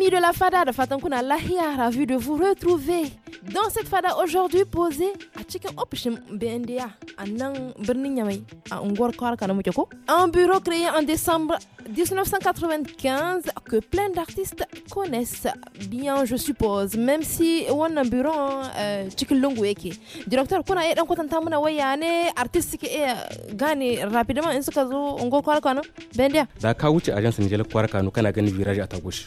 Amis de la FADA, de Fatankuna Lahia, vu de vous retrouver dans cette FADA aujourd'hui posée à Chicken Option BNDA, à Nang Berninyamay, à Ungor Karakanamutoko. Un bureau créé en décembre 1995 que plein d'artistes connaissent bien, je suppose, même si on a un bureau euh, Chicken Longweki. Directeur Kuna est en Kotantamuna Wayane, artiste qui a eh, gagné rapidement, en ce cas, Ungor Karakana, BNDA. D'accord, agence Nigel Virage à gauche.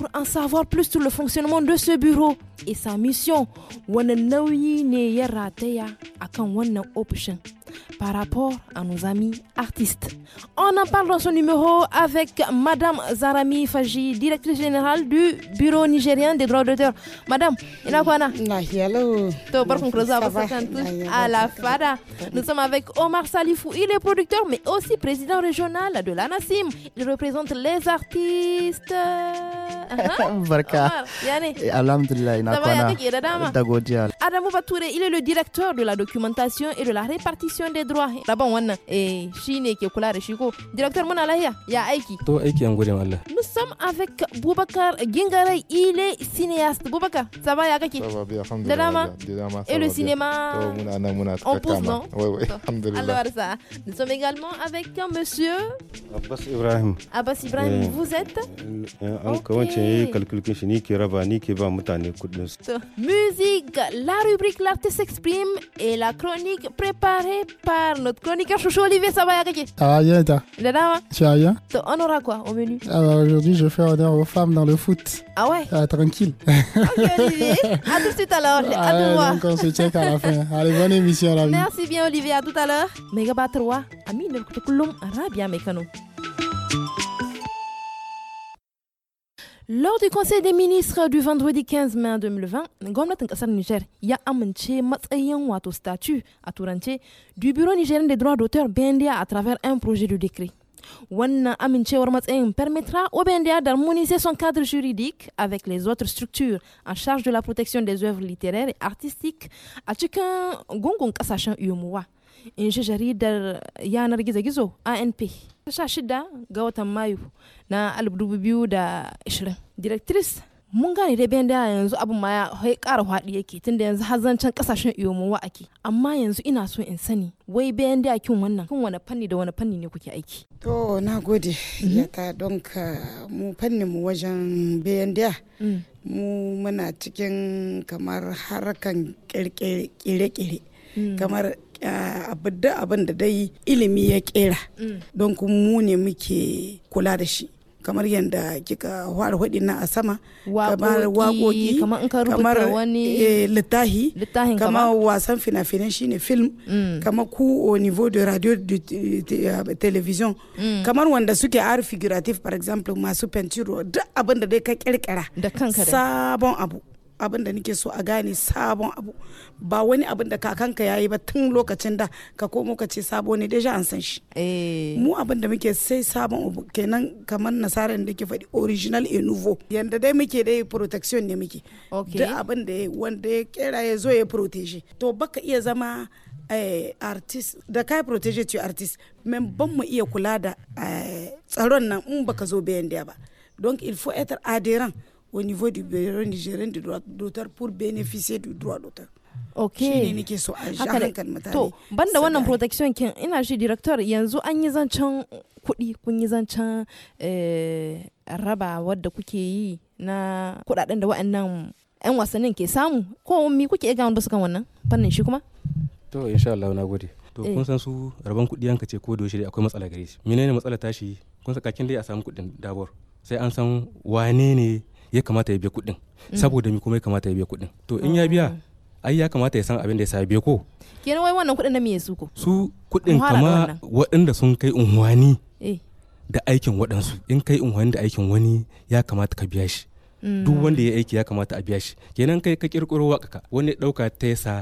pour en savoir plus sur le fonctionnement de ce bureau et sa mission. Wannan nauyi ne ya rataya akan wannan par rapport à nos amis artistes. On en parle dans ce numéro avec Madame Zarami Faji, directrice générale du Bureau nigérien des droits d'auteur. Madame, il Nous sommes avec Omar Salifou. Il est producteur, mais aussi président régional de la Il représente les artistes. il est le directeur de la documentation et de la répartition promotion des droits rabon wannan eh shine ke kula da shi ko director muna lahiya ya aiki to aiki an gode Allah nous sommes avec Boubacar Gingare il est cinéaste Boubacar ça va ya kake ça va bien alhamdulillah dama dama et le cinéma oh, muna na muna on pousse non oui oui alhamdulillah alors ça nous sommes également avec un monsieur Abbas Ibrahim Abbas Ibrahim vous êtes an kawance calcul kin shi ni ke raba ni ke ba mutane kudin su musique la rubrique l'artiste s'exprime et la chronique préparée par notre chroniqueur chouchou Olivier ça Sabayagaki. Ah, rien, t'as. toi dame. Hein tu as rien Tu on aura quoi au menu Alors ah bah, aujourd'hui, je fais honneur aux femmes dans le foot. Ah ouais ah, Tranquille. Ok, Olivier. à tout de suite alors. l'heure. on se check à la fin. Allez, bonne émission, la vie. Merci bien, Olivier. À tout à l'heure. Megabat 3. Ami, ne le Arabia Mekano. Lors du Conseil des ministres du vendredi 15 mai 2020, le a wato statut à statut du Bureau nigérien des droits d'auteur BNDA à travers un projet de décret. Wana amincewar permettra au BNDA d'harmoniser son cadre juridique avec les autres structures en charge de la protection des œuvres littéraires et artistiques à Gongong in shi jaridar yanar gizo-gizo anp shida ga watan mayu na 2020 directrice mun gane dai bayan da yanzu abin ma ya kara hwaɗi yake tunda yanzu har kasashen ƙasashen wa ake amma yanzu ina so in sani wai bayan da kin wannan kin wani fanni da wani fanni ne kuke aiki to na gode mhm. ya ta don ka mu fanni mu wajen bayan da mm. mu muna cikin kamar harkan kirkire-kire mm. kamar abin da dai ilimi ya kera mm. don mu muke kula da shi kamar kika a sama kamar waƙoƙi kamar kamar eh, wasan film mm. kamar ku niveau de radio de television mm. kamar wanda suke art figurative for example masu duk da sabon abu abin da nake so a gane sabon abu ba wani abin da kakanka yi ba tun lokacin da ka komo ka ce sabo ne deja an san shi eh. mu abin da muke sai sabon abu kenan kamar nasara da ke faɗi original e nouveau yanda dai muke dai protection ne muke duk abin da wanda ya kera ya zo ya protege to baka iya zama eh, artist da kai protege ce artist men ban mu iya kula da eh, tsaron nan in baka zo bayan da ba donc il faut être adhérent au niveau du bureau nigérien du droit d'auteur pour bénéficier du droit d'auteur ok shi so ah, to banda wannan protection kin ina shi director yanzu an yi zancen kuɗi kun yi zancen eh, raba wadda kuke yi na kuɗaɗen da wa'annan 'yan wasannin ke samu ko mi kuke ga basu kan wannan fannin shi kuma to insha Allah na gode to eh. kun san su rabon kuɗi yanka ce ko da yaushe akwai matsala gare shi menene matsala tashi kun sa kakin dai a samu kuɗin dabor sai an san wane ne ya kamata ya biya kuɗin mm. saboda mi kuma ya kamata ya biya kuɗin to in ya oh. biya ai ya kamata ya san abin da ya sabe biya ko kenan wai wannan kuɗin na me su ko su kuɗin kama waɗanda sun kai unwani eh. da aikin waɗansu in kai unwani da aikin wani ya kamata ka biya shi mm. duk wanda ya aiki ya kamata a biya shi kenan kai ka kirkiro ka. wani ɗauka ta yasa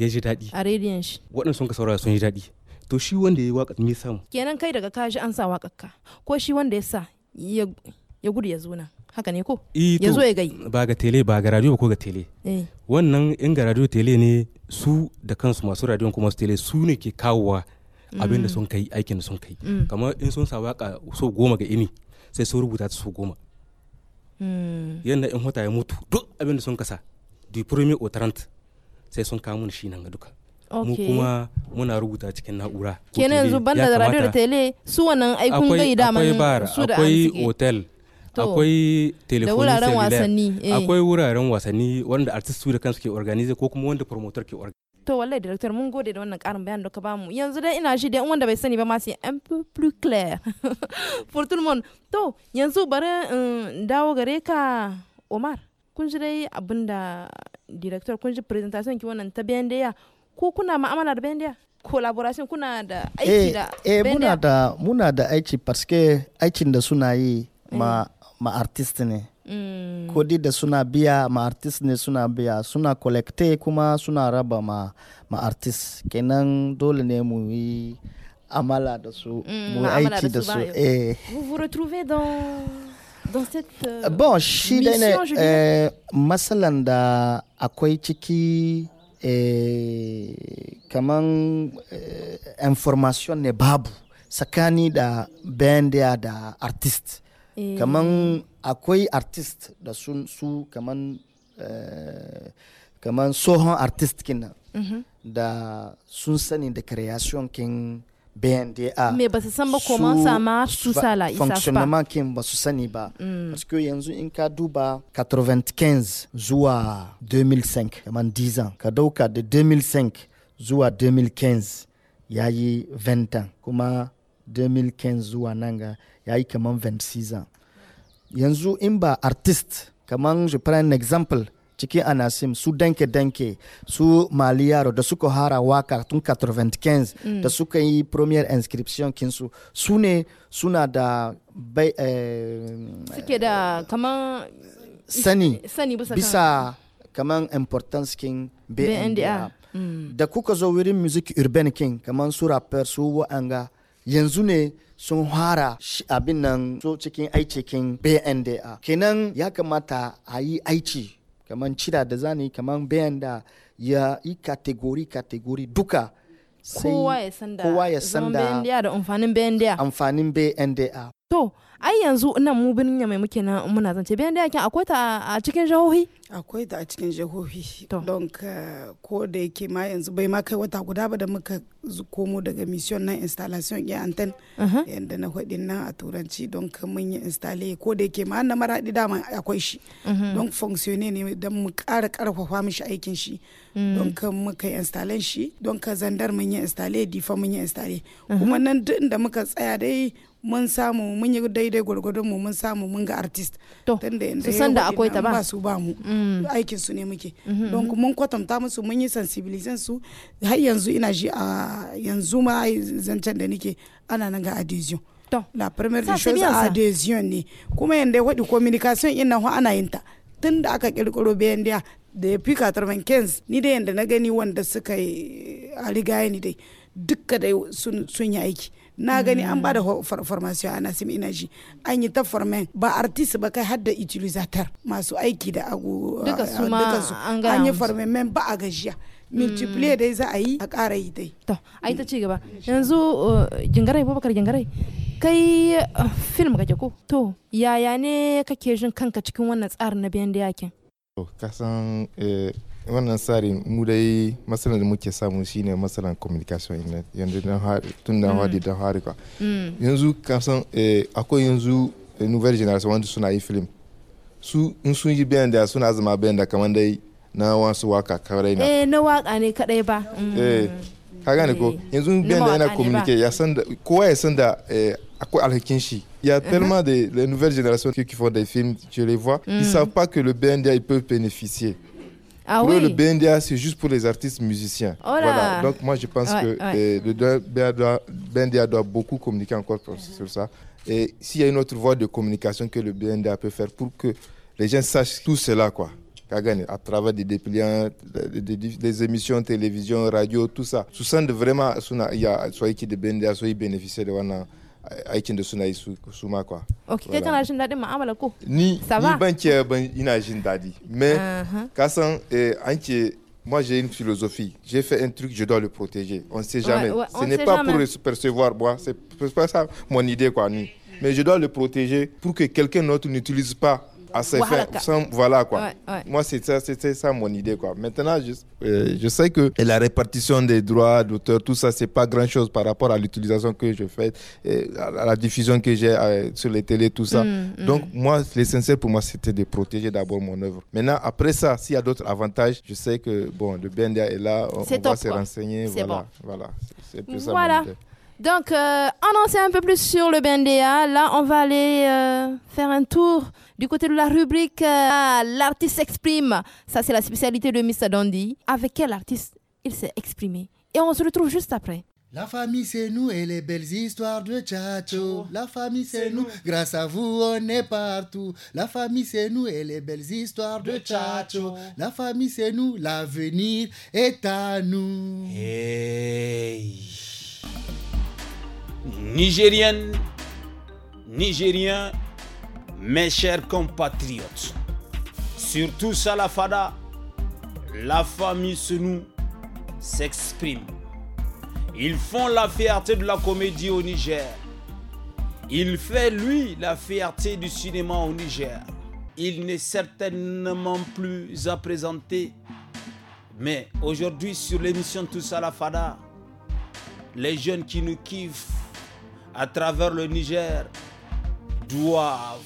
ya ji daɗi a rediyon shi waɗanda sun ka saurara sun ji daɗi to shi wanda ya yi waƙa me samu kenan kai daga kaji an sa waƙar ka ko shi wanda ya sa ya gudu ya zo nan haka ne ko e, ya zo ya gai ba ga tele ba ga radio ko ga tele eh. wannan in ga radio tele ne su da kansu masu radio kuma su tele su ne ke kawowa abin da mm. sun kai aikin da sun kai mm. kamar in sun sa waka so goma ga ini sai sun rubuta ta so goma mm. yadda in hota ya mutu duk abin da sun kasa the premier otarant sai sun kawo mun shi nan ga duka mu kuma muna rubuta cikin na'ura kenan yanzu banda da radio da tele su wannan aikun gai dama su da akwai hotel akwai wasanni eh. akwai wuraren wasanni wanda artist su da kansu ke organize ko kuma wanda promoter ke organize to wallahi director mun gode da wannan karin bayanin da ka bamu yanzu dai ina shi dai wanda bai sani ba ma sai un peu plus clair for tout le monde to yanzu bare dawo gare ka Omar kun ji dai abinda director kun ji presentation ki wannan ta bayan da ko kuna ma'amala da bayan da collaboration kuna da aiki eh, da eh muna da muna da aiki parce que aikin da suna yi ma eh. ma artiste. ne mm. suna ma ne suna collecte kuma suna raba ma, ma artiste kenan dole ne mu yi amala da su mm, mu eh. vous vous retrouvez dans dans cette euh, bon shi eh, masalan da eh, eh, information ne babu Sakani da band da artist eh. kaman akwai artist da sun su kaman eh, kaman tsohon artist kinan mhm. da sun sani da creation kin BNDA. Mais ba su san ba comment ça marche tout ça là, ils savent pas. Fonctionnement kin ba su sani ba. Mm. Parce que yanzu in ka duba 95 zuwa 2005 kaman 10 ans ka dauka da 2005 zuwa 2015 yayi 20 ans kuma 2015 zuwa nan ga ya yi kamar 26 ans yanzu in ba artist kamar je prend un exemple cikin anasim su denke danke su mali yaro da suka hara waka tun 95 mm. da suka yi premier inscription kinsu su ne suna da bai eh, suke da kaman sani sani bisa kaman importance kin bndr mm. da kuka zo wurin music urban king kaman su rapper su wa'anga yanzu ne sun fara abin nan so cikin aicekin bnda kenan ya kamata a yi aici kamar cira da zani kamar bnda ya yi kategori kategori duka kowa ya sanda da amfanin bnda amfanin bnda to ai yanzu nan mu birnin mai muke nan muna zance bayan da yakin akwai ta a cikin jihohi akwai ta a cikin jihohi don ka ko da yake ma yanzu bai ma kai wata guda ba da muka komo daga mission nan installation ya antan. Uh-huh. Yanda na faɗi nan a turanci don ka mun yi installe ko da yake ma na maraɗi dama akwai shi uh-huh. don functione ne don mu ƙara ƙarfafa mishi aikin shi mm. don ka muka installation shi don ka zandar mun yi installe difa mun yi installe uh-huh. kuma nan duk da muka tsaya dai mun samu mun yi daidai gwargwadon mu mun samu mun ga artist to su san da akwai ta ba su ba mu mm. aikin su ne muke mm-hmm, don mm-hmm. mun kwatanta musu mun yi sensibilizan su har yanzu ina ji a yanzu ma zancen da nake ana nan ga adhesion to la première des choses adhesion ne kuma yanda ya communication ina hu ana yin ta Tunda aka kirkiro bayan da da ya fi katarman kens ni dai yanda na gani wanda suka yi a rigaye ni dai dukka dai sun yi aiki na gani an mm. ba da formation a nasim inaji an yi ta formen ba artist ba kai har da masu aiki da agu duka su an yi formen men ba a gajiya multiplier mm. dai za a yi a ƙara yi dai to ai ta ci gaba yanzu jingarai uh, babakar jingarai kai uh, film kake ko to yaya ne kake jin kanka cikin wannan tsarin na biyan da yakin kasan eh, wannan tsarin mu dai matsalar da muke samu shine masalan communication inlet yanzu tun mm. da hadi da harika mm. yanzu kasan eh, akwai yanzu eh, nouvelle generation wanda suna yi film su in sun yi bayan da suna zama bayan da kamar dai na wasu waka kawai na eh na waka ne kadai ba mm. eh ka gane ko eh, yanzu bayan da yana communicate ya san da kowa ya san da akwai alhakin shi Il y a uh-huh. tellement de nouvelles générations qui, font des films, tu les vois, ils ne savent pas que le BND, ils peuvent bénéficier. Ah oui. le BNDA, c'est juste pour les artistes musiciens. Oh voilà. Donc moi, je pense que eh, le BNDA doit, beaucoup communiquer encore sur ça. Et s'il y a une autre voie de communication que le BNDA peut faire pour que les gens sachent tout cela, quoi. à travers des dépliants, des, émissions télévision, radio, tout ça. Sous vraiment, il y a soit qui de BNDA, soit de aikin da suna yi su ma kwa. Ok, kai kana jin daɗin ma'amala ko? Ni, ni ban ke ban ina jin daɗi. Mais, uh-huh. ka san eh, an ke Moi, j'ai une philosophie. J'ai fait un truc, je dois le protéger. On ne sait jamais. Ouais, ouais, Ce n'est pas pour se percevoir, moi. C'est pas ça mon idée, quoi, ni. Mais je dois le protéger pour que quelqu'un d'autre n'utilise pas à ah, ses Voilà quoi. Moi, c'était ça, mon idée quoi. Maintenant, je, euh, je sais que la répartition des droits d'auteur, tout ça, c'est pas grand chose par rapport à l'utilisation que je fais, euh, à la diffusion que j'ai euh, sur les télés, tout ça. Mm, mm. Donc, moi, l'essentiel pour moi, c'était de protéger d'abord mon œuvre. Maintenant, après ça, s'il y a d'autres avantages, je sais que bon, le BNDA est là, on, va se renseigner. Voilà, voilà. Voilà. Donc, on en sait un peu plus sur le BNDA. Là, on va aller faire un tour du côté de la rubrique euh, L'artiste s'exprime, ça c'est la spécialité de Mr. Dandy. Avec quel artiste il s'est exprimé Et on se retrouve juste après. La famille c'est nous et les belles histoires de Tchatcho. La famille c'est nous. grâce à vous on est partout. La famille c'est nous et les belles histoires de Tchatcho. La famille c'est nous, l'avenir est à nous. Hey. Nigérienne, Nigérien mes chers compatriotes, surtout Salafada, la famille nous s'exprime. Ils font la fierté de la comédie au Niger. Il fait, lui, la fierté du cinéma au Niger. Il n'est certainement plus à présenter. Mais aujourd'hui, sur l'émission Tous la Fada, les jeunes qui nous kiffent à travers le Niger doivent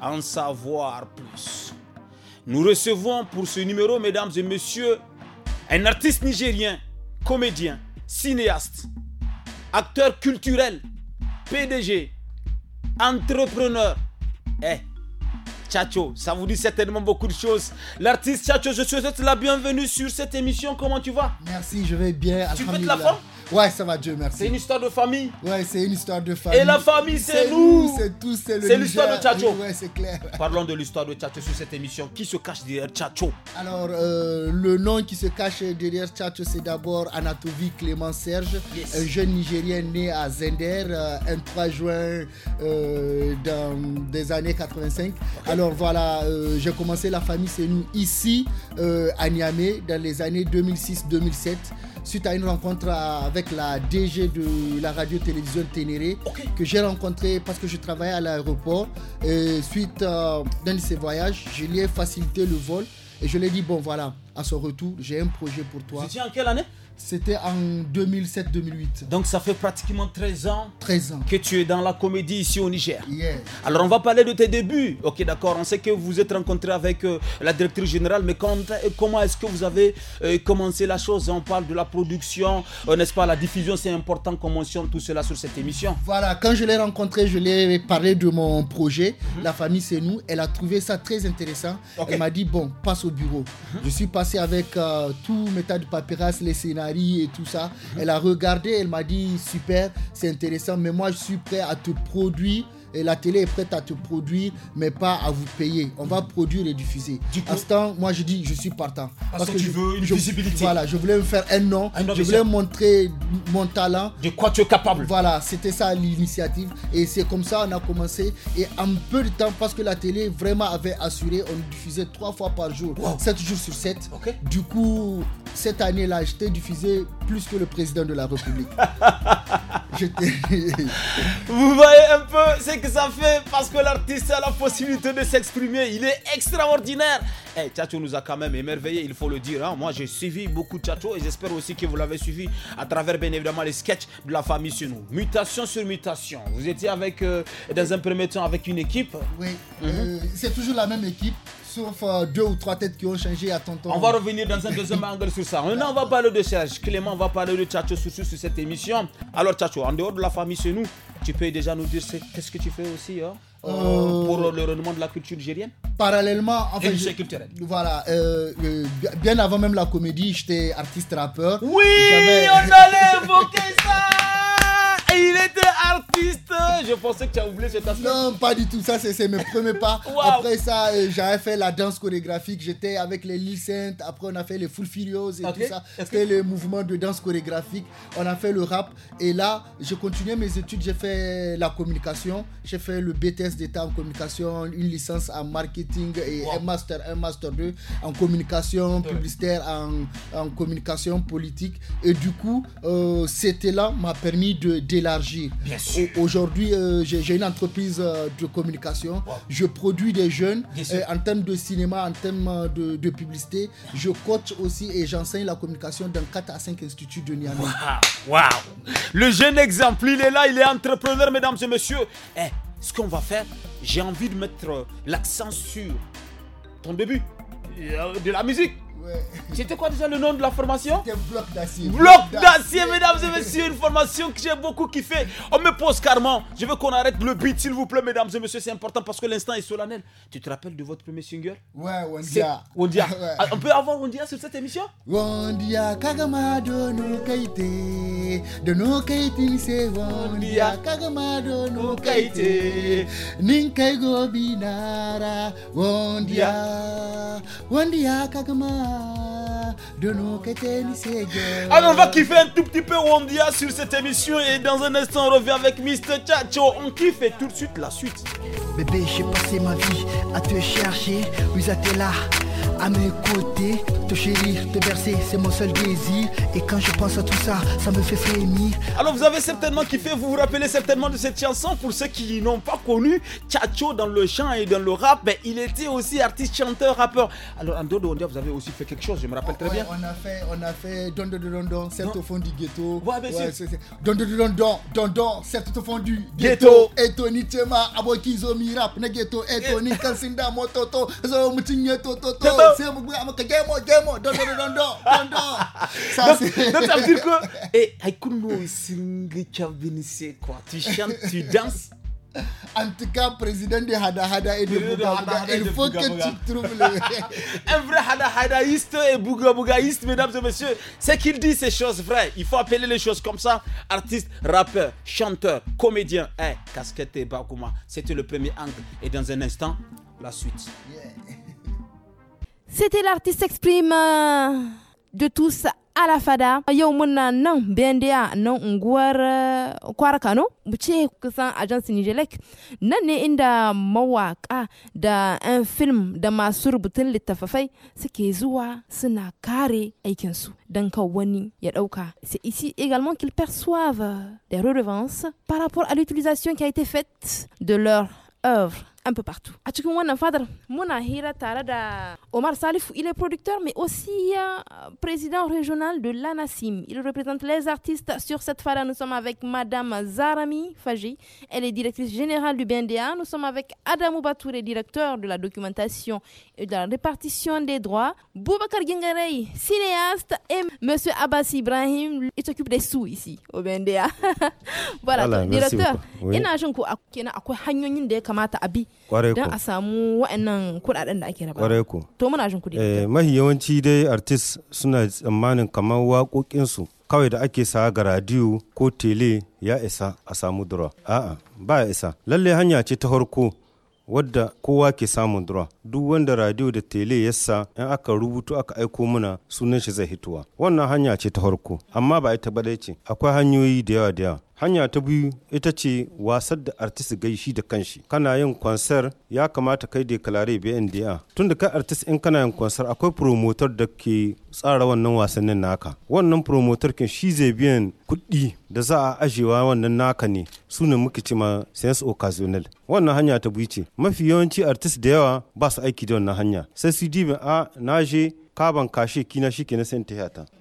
en savoir plus. Nous recevons pour ce numéro, mesdames et messieurs, un artiste nigérien, comédien, cinéaste, acteur culturel, PDG, entrepreneur. Eh, tchatcho ça vous dit certainement beaucoup de choses. L'artiste Chacho, je te souhaite la bienvenue sur cette émission. Comment tu vas Merci, je vais bien. Tu peux la forme Ouais, ça va, Dieu merci. C'est une histoire de famille. Ouais, c'est une histoire de famille. Et la famille, c'est nous. C'est tout, c'est le C'est l'histoire de Tchatcho. ouais, c'est clair. Parlons de l'histoire de Tchatcho sur cette émission. Qui se cache derrière Tchatcho Alors, euh, le nom qui se cache derrière Tchatcho, c'est d'abord Anatovi Clément Serge, un jeune Nigérien né à Zender, euh, un 3 juin euh, dans des années 85. Alors voilà, j'ai commencé la famille, c'est nous ici, à Niamey, dans les années 2006-2007, suite à une rencontre avec la DG de la radio-télévision Ténéré que j'ai rencontré parce que je travaillais à l'aéroport. Et suite à euh, d'un de ses voyages, je lui ai facilité le vol et je lui ai dit bon voilà, à son retour, j'ai un projet pour toi. en quelle année c'était en 2007-2008. Donc ça fait pratiquement 13 ans, 13 ans que tu es dans la comédie ici au Niger. Alors on va parler de tes débuts. Ok, d'accord. On sait que vous êtes rencontré avec euh, la directrice générale, mais quand, euh, comment est-ce que vous avez euh, commencé la chose On parle de la production, n'est-ce pas La diffusion, c'est important qu'on mentionne tout cela sur cette émission. Voilà, quand je l'ai rencontrée, je lui ai parlé de mon projet. Mhm. La famille, c'est nous. Elle a trouvé ça très intéressant. Elle m'a dit, bon, passe au bureau. Mhm. Je suis passé avec tout mes tas de papyrus, les scénarios et tout ça. Elle a regardé, elle m'a dit super, c'est intéressant, mais moi je suis prêt à te produire et la télé est prête à te produire, mais pas à vous payer. On va produire et diffuser. Du coup, à ce temps, moi je dis, je suis partant. Parce, que tu je, veux une visibilité. Voilà, je voulais me faire un nom, je voulais montrer mon talent. De quoi tu es capable. Voilà, c'était ça l'initiative. Et c'est comme ça on a commencé. Et en peu de temps, parce que la télé vraiment avait assuré, on diffusait trois fois par jour, sept jours sur 7. Du coup, cette année-là, j'étais diffusé plus que le président de la République. Vous voyez un peu ce que ça fait parce que l'artiste a la possibilité de s'exprimer. Il est extraordinaire. Hey, eh, Tchatcho nous a quand même émerveillé, il faut le dire. Hein. Moi, j'ai suivi beaucoup Tchatcho et j'espère aussi que vous l'avez suivi à travers, bien évidemment, les sketchs de la famille sur nous. Mutation sur mutation. Vous étiez avec, euh, dans un premier temps, avec une équipe. Oui, mhm. euh, c'est toujours la même équipe sauf euh, deux ou trois têtes qui ont changé à ton On va revenir dans un deuxième angle sur ça. Maintenant, on va parler de Serge. Clément va parler de Tchatcho Soussou sur cette émission. Alors, Tchatcho, en dehors de la famille chez nous, tu peux déjà nous dire qu'est-ce que tu fais aussi hein, euh, euh, pour le rendement de la culture nigérienne Parallèlement, en fait, culturelle. Voilà, bien avant même la comédie, j'étais artiste rappeur. Oui, on allait évoquer ça était artiste. Je pensais que tu as oublié cette aspect. Non, pas du tout. Ça, c'est mes premiers pas. Après ça, euh, j'avais fait la danse chorégraphique. J'étais avec les licences Après, on a fait les Full Furious et tout ça. C'était le mouvement de danse chorégraphique. On a fait le rap. Et là, j'ai continué mes études. J'ai fait la communication. J'ai fait le BTS d'État en communication, une licence en marketing et un master, un master 2 en communication publicitaire, en, communication politique. Et du coup, euh, c'était là m'a permis de d'élargir Aujourd'hui, euh, j'ai une entreprise euh, de communication. Je produis des jeunes euh, en termes de cinéma, en termes de, publicité. Je coach aussi et j'enseigne la communication dans 4 à 5 instituts de Niamey. Le jeune exemple, il est là, il est entrepreneur, mesdames et messieurs. Eh, ce qu'on va faire, j'ai envie de mettre l'accent sur ton début de la musique. C'était quoi déjà le nom de la formation Bloc d'acier. Bloc d'acier, mesdames et messieurs, une formation que j'ai beaucoup kiffé. On me pose carrément. Je veux qu'on arrête le beat, s'il vous plaît, mesdames et messieurs. C'est important parce que l'instant est solennel. Tu te rappelles de votre premier single Ouais, Wondia Wondia. Ah, on peut avoir Wondia sur cette émission Wondia Kagama Dono no kaite. Kagama Dono Ninkaigo binara. Wondia Wondia Kagama. Alors on va kiffer un tout petit peu Wondia sur cette émission et dans un instant on revient avec Mr. Chacho. On kiffe et tout de suite la suite. Bébé, j'ai passé ma vie à te chercher, vous êtes là, à mes côtés. Te chérir, te bercer, c'est mon seul désir. Et quand je pense à tout ça, ça me fait frémir. Alors, vous avez certainement kiffé, vous vous rappelez certainement de cette chanson. Pour ceux qui n'ont pas connu Chacho dans le chant et dans le rap, mais ben, il était aussi artiste, chanteur, rappeur. Alors, en dehors de Wondia, vous avez aussi quelque chose, je me rappelle très bien. On a fait, on a fait Don Don Don Don, au fond du ghetto. Ouais, Don Don Don Don, Don Don, au fond du ghetto. et tema, abokizo mirap, ne ghetto, eto mototo, toto, c'est mon Don Don Don Don, Don Don. Ça, c'est. quoi. Tu chantes, tu danses. En tout cas, président de Hada Hada et de Bouga Bouga, il faut que tu trouves le. un vrai Hada Hadaïste et Bouga Bougaïste, mesdames et messieurs, c'est qu'il dit ces choses vraies. Il faut appeler les choses comme ça. Artiste, rappeur, chanteur, comédien. Eh, casquette et C'était le premier angle. Et dans un instant, la suite. C'était l'artiste exprime euh, de tous ala fada yau muna nan bendiya nan unguwar eh, kwara kano mu ce kusan agence nigelec nan ne inda mawaka da un film da masu rubutun littafafai suke zuwa suna kare aikinsu don kan wani ya dauka c'est ici également qu'ils perçoivent des redevances par rapport à l'utilisation qui a été faite de leur œuvre un peu partout. A tout Omar Salif, il est producteur mais aussi euh, président régional de l'ANASIM. Il représente les artistes sur cette fara. Nous sommes avec Madame Zarami Faji, elle est directrice générale du BNDA. Nous sommes avec Adam Batouré, directeur de la documentation et de la répartition des droits. Boubacar Gengarei, cinéaste et Monsieur Abbas Ibrahim, il s'occupe des sous ici au BNDA. voilà, directeur. don a samu wa'annan kuɗaɗen da ake raba to muna jin kuɗi eh, mahi yawanci dai artist suna tsammanin kamar waƙoƙinsu kawai da ake sa ga radiyo ko tele ya isa a samu dura a'a ba ya isa lalle hanya ce ta farko wadda kowa ke samun dura duk wanda radio da tele ya sa in aka rubutu aka aiko muna sunan shi zai hituwa wannan hanya ce ta farko amma ba ita ba ce akwai hanyoyi da yawa da yawa hanya ta biyu ita ce wasar da artist gaishi da kanshi kana yin konser ya kamata kai da kalare bnda tun da kai artist in kana yin konser akwai promoter da ke tsara wannan wasannin naka wannan promoter kin shi zai biyan kuɗi da za a ajewa wannan naka ne su ne muke cima sense occasional wannan hanya ta biyu ce mafi yawanci artist da yawa ba su aiki da wannan hanya sai su dibin a ah, na je ka kashi kina shi ke na in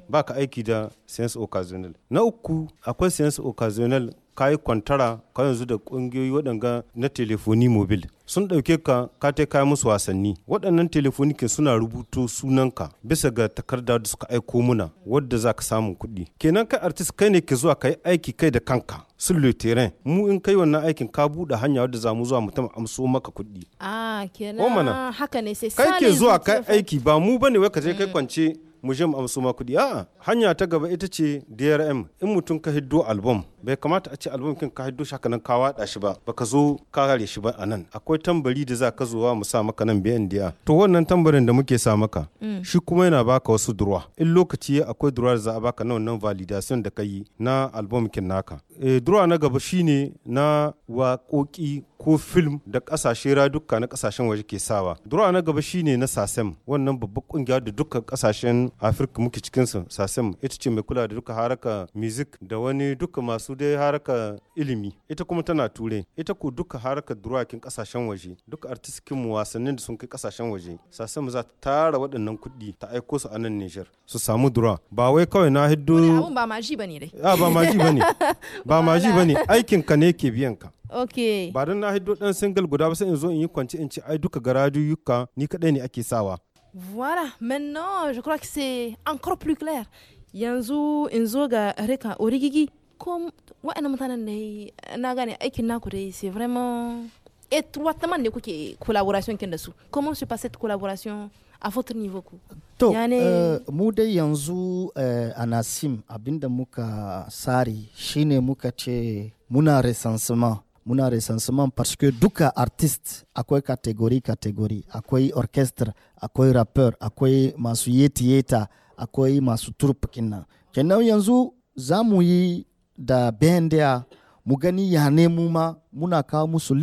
ba ka aiki da sense occasional na uku akwai sense occasional ka yi kwantara ka yanzu da kungiyoyi waɗanga na telefoni mobil sun ɗauke ka ka ta kai musu wasanni waɗannan telefonikin suna rubuto sunanka bisa ga takarda da suka aiko muna wadda za ka samun kuɗi kenan kai artist kai ne ke zuwa kai aiki kai da kanka sun terrain mu in kai wannan aikin ka buɗe hanya wadda za mu zuwa mu tama amso maka kuɗi. ah kenan haka ne sai kai ke zuwa kai aiki ba mu bane wai ka je kai eh. kwance mu je mu amsu ma kuɗi a'a hanya ta gaba ita ce DRM in mutum ka hiddo album bai kamata a ce album kin ka hiddo shaka nan ka wada shi ba baka zo ka kare shi ba anan akwai tambari da za ka wa mu sa maka nan biyan dia to wannan tambarin da muke sa maka mm. shi kuma yana baka wasu durwa in lokaci akwai durwa da za a baka nan wannan validation da ka yi na album kin naka eh durwa na gaba shine na waƙoƙi ko film da ƙasashe duka na ƙasashen waje ke sawa. Dura na gaba shine na SASEM wannan babbar ƙungiya da duka ƙasashen Afirka muke cikinsu SASEM ita ce mai kula da duka haraka music da wani duka masu dai haraka ilimi ita kuma tana ture ita ko duka haraka kin ƙasashen waje duka mu wasannin da sun kai ƙasashen waje SASEM za ta tara waɗannan kuɗi ta aiko su a nan Nijar su samu dura ba wai kawai na hiddo ba maji bane dai ah, ba maji bane ba maji bane aikin ka ne ke biyan ka ok Ba don na haido dan single guda ba sai in zo in yi kwanci in ci ai duka garajuyuka ni kadai ne ake sawa. Voilà, maintenant je crois que c'est encore plus clair. Yanzu in zo ga Rika Origigi ko wa'annan mutanen ne na gane aikin naku dai c'est vraiment étroitement ne kuke collaboration kin da su. Comment se passe cette collaboration? a votre niveau ku to yani... Euh, mu dai yanzu euh, anasim a nasim abinda muka sari shine muka ce muna recensement muna recensement parce que duka artiste. akwai kategori kategori akwai orchestre. akwai rapper akwai masu yeti yeta akwai masu turp kinnan kenan yanzu za mu yi da ya. mu gani ya ne mu ma muna kawo musu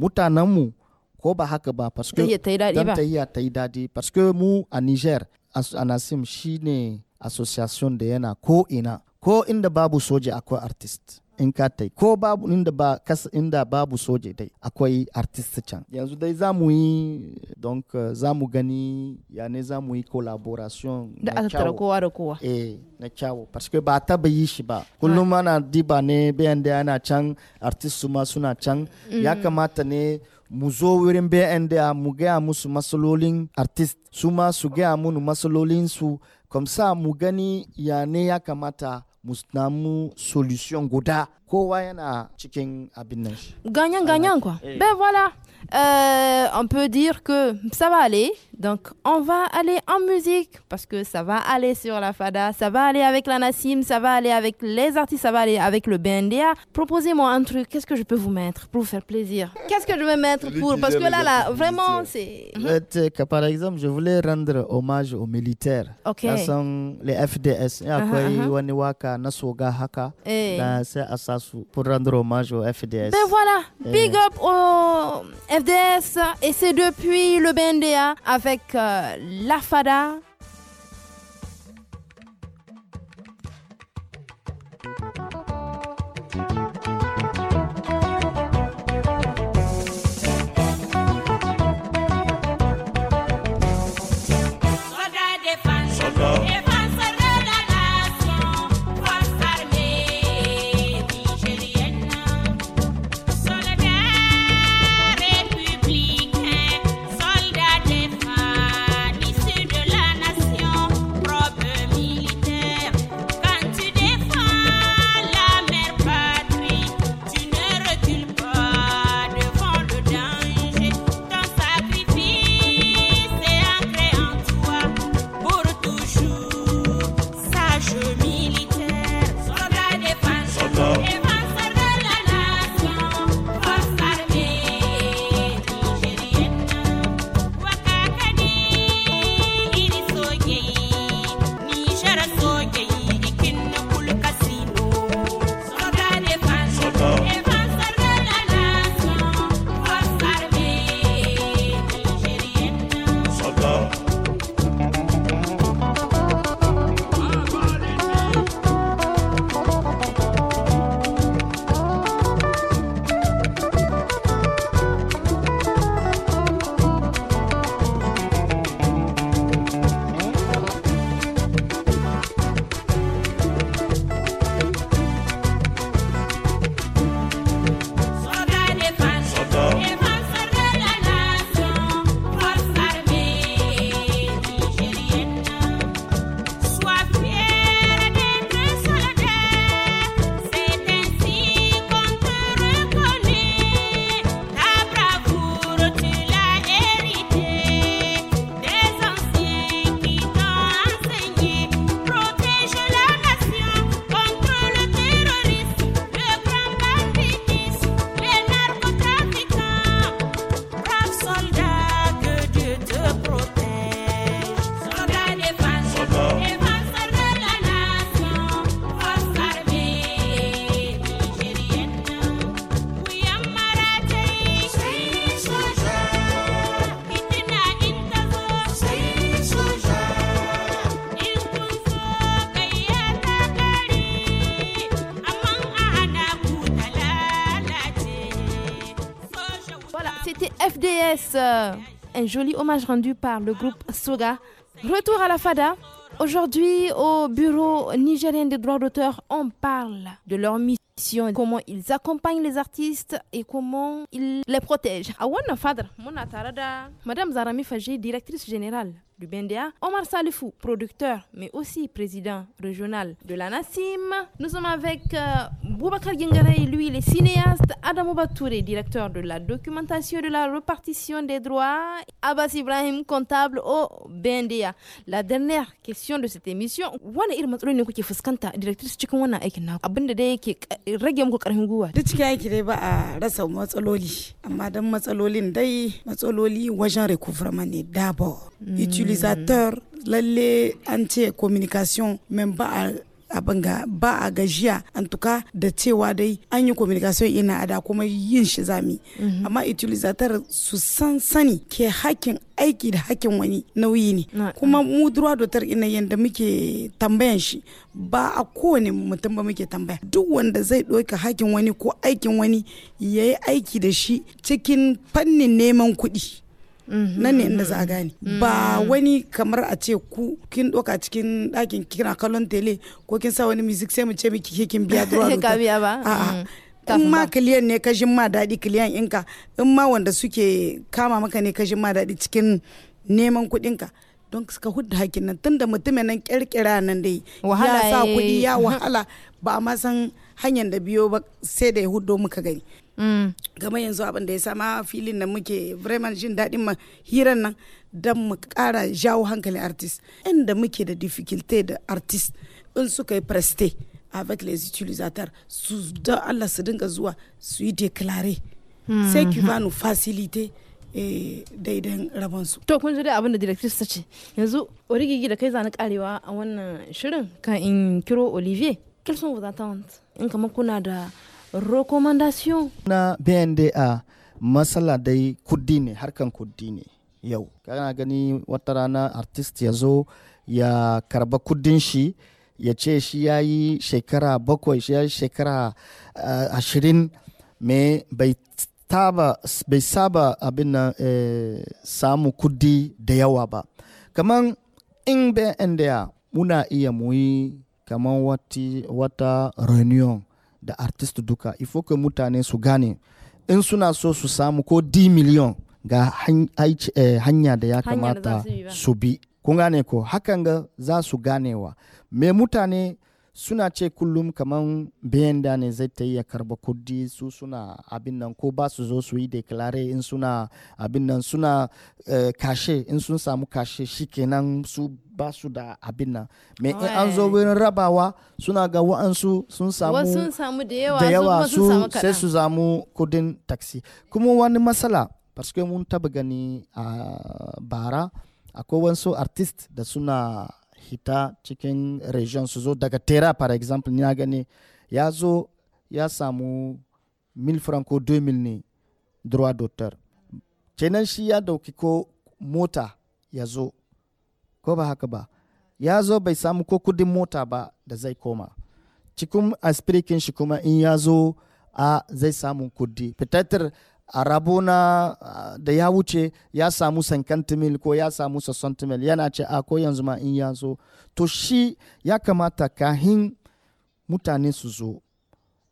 Mutanen mu ko ba haka ba parce que ta yi daɗi parce que mu a niger anasim shine association da yana ko ina ko inda babu soja akwai artist in ka tai ko babu inda ba kas inda babu soje dai akwai artist can yanzu dai za mu yi don za mu gani ya ne za mu yi collaboration da aka tara kowa da kowa eh na kyawu parce que ba taba yi shi ba kullum ana diba ne bayan da yana can artist ma suna can mm. ya kamata ne mu zo wurin da mu gaya musu masalolin artist su ma su gaya mun masalolin su kamsa mu gani ya ne ya kamata mu solution guda kowa yana cikin abin nan shi ganyen ganyen kwa eh. be voilà Euh, on peut dire que ça va aller. Donc, on va aller en musique parce que ça va aller sur la FADA, ça va aller avec la Nassim, ça va aller avec les artistes, ça va aller avec le BNDA. Proposez-moi un truc, qu'est-ce que je peux vous mettre pour vous faire plaisir Qu'est-ce que je vais mettre pour. Parce que là, là, vraiment, c'est. Par exemple, je voulais rendre hommage aux militaires. Ok. Ce sont les FDS. Hey. Uh-huh, uh-huh. eh. ben, pour rendre hommage aux FDS. Ben voilà, eh. big up aux. FDS et c'est depuis le BNDA avec euh, la FADA Euh, un joli hommage rendu par le groupe Soga. Retour à la FADA. Aujourd'hui, au bureau nigérien des droits d'auteur, on parle de leur mission, comment ils accompagnent les artistes et comment ils les protègent. Madame Zarami Faji, directrice générale du BNDA, Omar Salifou, producteur, mais aussi président régional de la Nassim. Nous sommes avec euh, Boubacar Gengarei, lui, il est cinéaste, Adamo Batouré, directeur de la documentation de la repartition des droits, Abbas Ibrahim, comptable au Bendéa. La dernière question de cette émission, wani irin matsaloli ne kuke fuskanta directrice cikin wannan aikin naku abinda da yake eh, rage muku karfin gwiwa duk cikin aiki dai ba a rasa matsaloli amma dan matsalolin dai matsaloli wajen recouvrement ne d'abord hmm. civilisateur lalle an ce communication men ba a abin ba a gajiya an tuka da cewa dai an yi communication ina ada kuma yin shi zami mm-hmm. amma utilizatar su san sani ke hakin aiki da hakin wani nauyi ne kuma mu duwa dotar ina yadda muke tambayan shi ba a kowane mutum ba muke tambaya duk wanda zai ɗauka hakkin wani ko aikin wani yayi aiki da shi cikin fannin neman kuɗi Mm-hmm. nan ne inda za a mm-hmm. gane mm-hmm. ba wani kamar a ce ku kin doka cikin ɗakin kina kallon tele ko kin sa wani music sai mu ce miki ke kin biya duwa a'a in ma kiliyan ne ka ma daɗi kiliyan inka in ma wanda suke kama maka ne ka ma daɗi cikin neman kuɗinka don ka hudu hakin nan tunda mutumin nan kirkira nan dai ya sa kuɗi ya wahala ba a ma san hanyar da biyo ba sai da ya hudo muka gani Gama mm. yanzu abin da ya sama filin nan muke vraiment jin daɗin hirar nan don mu ƙara jawo hankali artist. Inda muke da difficulty da artist in suka yi preste avec les utilisateurs su da Allah su dinga zuwa su yi declare. Mm. Sai ki ba nu facilite eh, daidan su To kun ji dai abin da directrice ta ce yanzu origigi da kai zani karewa a wannan shirin ka in kiro Olivier. Quelles sont vos attentes? In kama kuna da recommandation na bnda matsala dai kudi ne harkan kudi ne yau kana gani wata rana artist ya zo ya karba kudin shi ya ce shi ya yi shekara bakwai shi ya yi shekara eh, ashirin me bai taba bai saba abin na eh, samu kudi da yawa ba kaman in bnda muna iya muyi kaman wata reunion da artist duka ifo ka mutane su gane in suna so su samu ko d miliyon ga eh, hanya da ya kamata su bi kun gane ko hakan ga za su ganewa me mutane suna ce kullum kamar bayan da ne zai ta iya karba kudi su suna abin nan ko ba su zo su yi declare in suna abin nan suna eh, kashe in sun samu kashe shikenan su ba su da abin nan mai in an zo wurin rabawa suna ga wa'ansu sun samu da yawa su sai su samu kudin taxi kuma wani matsala parce mun taba gani a bara akwai wasu artist da suna hita cikin region su zo daga tera par exemple na gani ya zo ya samu mil franco 2000 ne droit d'auteur kenan shi ya dauki ko mota ya zo ko ba haka ba ya zo bai samu ko kudin mota ba da zai koma cikin aspirikin shi kuma in ya zo a zai samu kudi fitatar a rabona da ya wuce ya samu sankantimil ko ya samu sassantimil yana ce a ko yanzu ma in ya zo to shi ya kamata kahin mutane su zo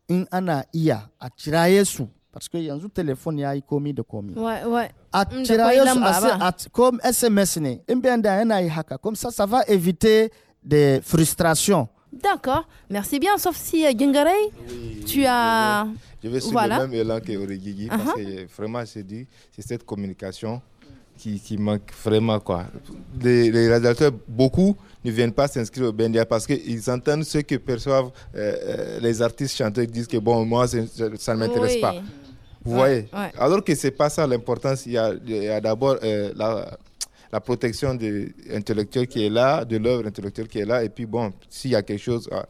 in ana iya a ciraye su parce yanzu telefon ya yi komi da komi a ciraye su a kom sms ne in bayan da yana yi haka kom ça ça va éviter des D'accord, merci bien, sauf si euh, tu as... Je vais, le même élan que Origigi, uh-huh. vraiment, c'est dit, c'est cette communication qui, qui, manque vraiment. Quoi. Les, les beaucoup ne viennent pas s'inscrire au Bendia parce qu'ils entendent ce que perçoivent euh, euh, les artistes chanteurs, disent que bon, moi, ça ne m'intéresse pas. Vous voyez Alors que c'est pas ça l'importance. Il y a, d'abord la la protection de, intellectuel qui est là, de l'œuvre intellectuelle qui est là. Et puis, bon, s'il y a quelque chose, ah,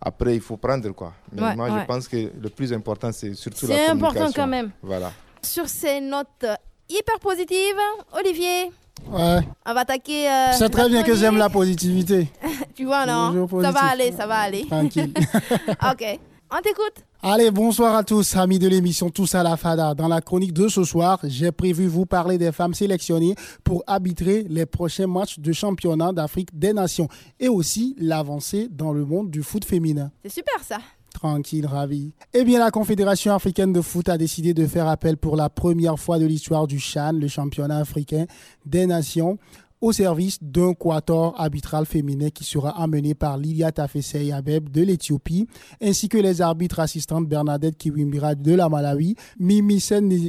après, il faut prendre, quoi. Mais moi, je pense que le plus important, c'est surtout la communication. C'est important quand même. Voilà. Sur ces notes hyper positives, Olivier Ouais. On va attaquer. Euh, je sais très bien que j'aime la positivité. tu vois, non Ça va aller, ça va aller. Tranquille. ok. On t'écoute. Allez, bonsoir à tous, amis de l'émission Tous à la Fada. Dans la chronique de ce soir, j'ai prévu vous parler des femmes sélectionnées pour arbitrer les prochains matchs de championnat d'Afrique des Nations et aussi l'avancée dans le monde du foot féminin. C'est super ça. Tranquille, ravi. Eh bien, la Confédération africaine de foot a décidé de faire appel pour la première fois de l'histoire du CHAN, le championnat africain des nations, au service d'un quator arbitral féminin qui sera amené par Lilia Tafesei Abeb de l'Éthiopie, ainsi que les arbitres assistantes Bernadette Kiwimbira de la Malawi, Mimi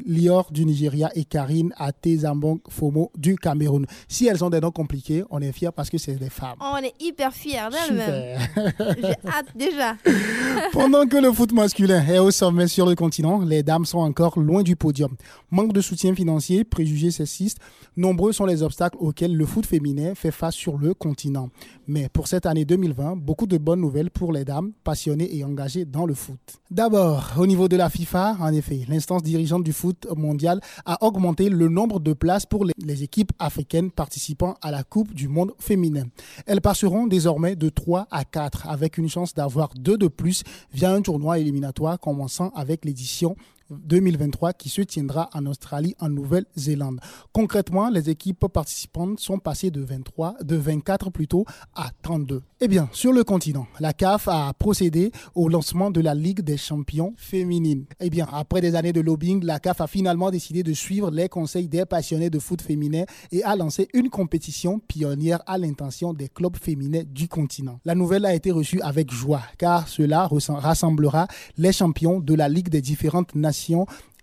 Lior du Nigeria et Karine Atezambong Fomo du Cameroun. Si elles ont des noms compliqués, on est fiers parce que c'est des femmes. Oh, on est hyper fiers d'elles-mêmes. J'ai hâte déjà. Pendant que le foot masculin est au sommet sur le continent, les dames sont encore loin du podium. Manque de soutien financier, préjugés sexistes, nombreux sont les obstacles auxquels le le foot féminin fait face sur le continent. Mais pour cette année 2020, beaucoup de bonnes nouvelles pour les dames passionnées et engagées dans le foot. D'abord, au niveau de la FIFA, en effet, l'instance dirigeante du foot mondial a augmenté le nombre de places pour les équipes africaines participant à la Coupe du monde féminin. Elles passeront désormais de 3 à 4 avec une chance d'avoir 2 de plus via un tournoi éliminatoire commençant avec l'édition 2023 qui se tiendra en Australie, en Nouvelle-Zélande. Concrètement, les équipes participantes sont passées de 23, de 24 plutôt à 32. Eh bien, sur le continent, la CAF a procédé au lancement de la Ligue des champions féminines. Eh bien, après des années de lobbying, la CAF a finalement décidé de suivre les conseils des passionnés de foot féminin et a lancé une compétition pionnière à l'intention des clubs féminins du continent. La nouvelle a été reçue avec joie car cela rassemblera les champions de la Ligue des différentes nations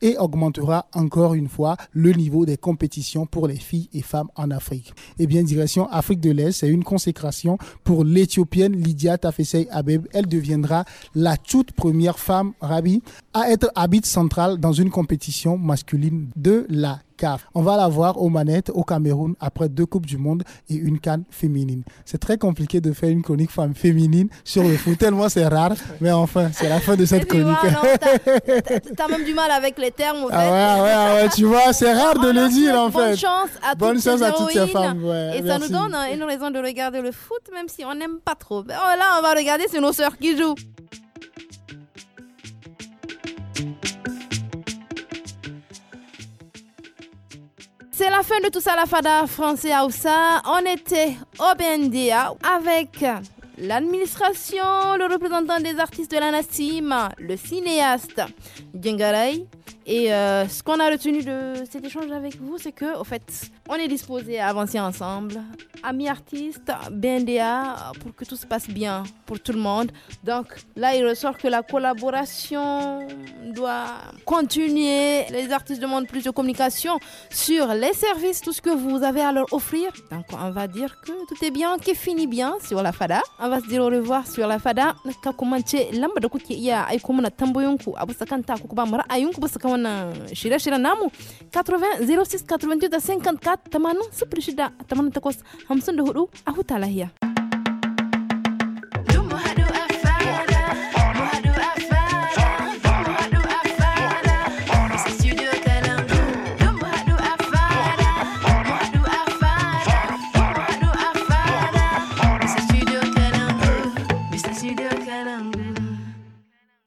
et augmentera encore une fois le niveau des compétitions pour les filles et femmes en Afrique. Et eh bien, direction Afrique de l'Est, c'est une consécration pour l'Éthiopienne Lydia Tafesei Abeb. Elle deviendra la toute première femme rabbi à être habit central dans une compétition masculine de la CAF. On va la voir aux manettes au Cameroun après deux Coupes du Monde et une canne féminine. C'est très compliqué de faire une chronique femme féminine sur le foot, tellement c'est rare, mais enfin, c'est la fin de cette chronique. T'as même du mal avec les termes. En ah fait. ah ouais, ouais, tu vois, c'est rare de le dire en fait. Bonne chance à toutes, bonne chance à toutes ces femmes. et ça nous donne hein, une raison de regarder le foot, même si on n'aime pas trop. Ben oh, là, on va regarder, c'est nos sœurs qui jouent. C'est la fin de tout ça, la fada français Aoussa. On était au BNDA avec l'administration, le représentant des artistes de la Nassim, le cinéaste Djengaray. Et euh, ce qu'on a retenu de cet échange avec vous, c'est que, au fait, on est disposé à avancer ensemble. Amis artistes, BNDA, pour que tout se passe bien pour tout le monde. Donc là, il ressort que la collaboration doit continuer. Les artistes demandent plus de communication sur les services, tout ce que vous avez à leur offrir. Donc on va dire que tout est bien, qui finit bien sur la FADA. On va se dire au revoir sur la FADA. namu 80 06 88 54 tamanin sifiri shida takwas hamsin da hudu a huta lahiya.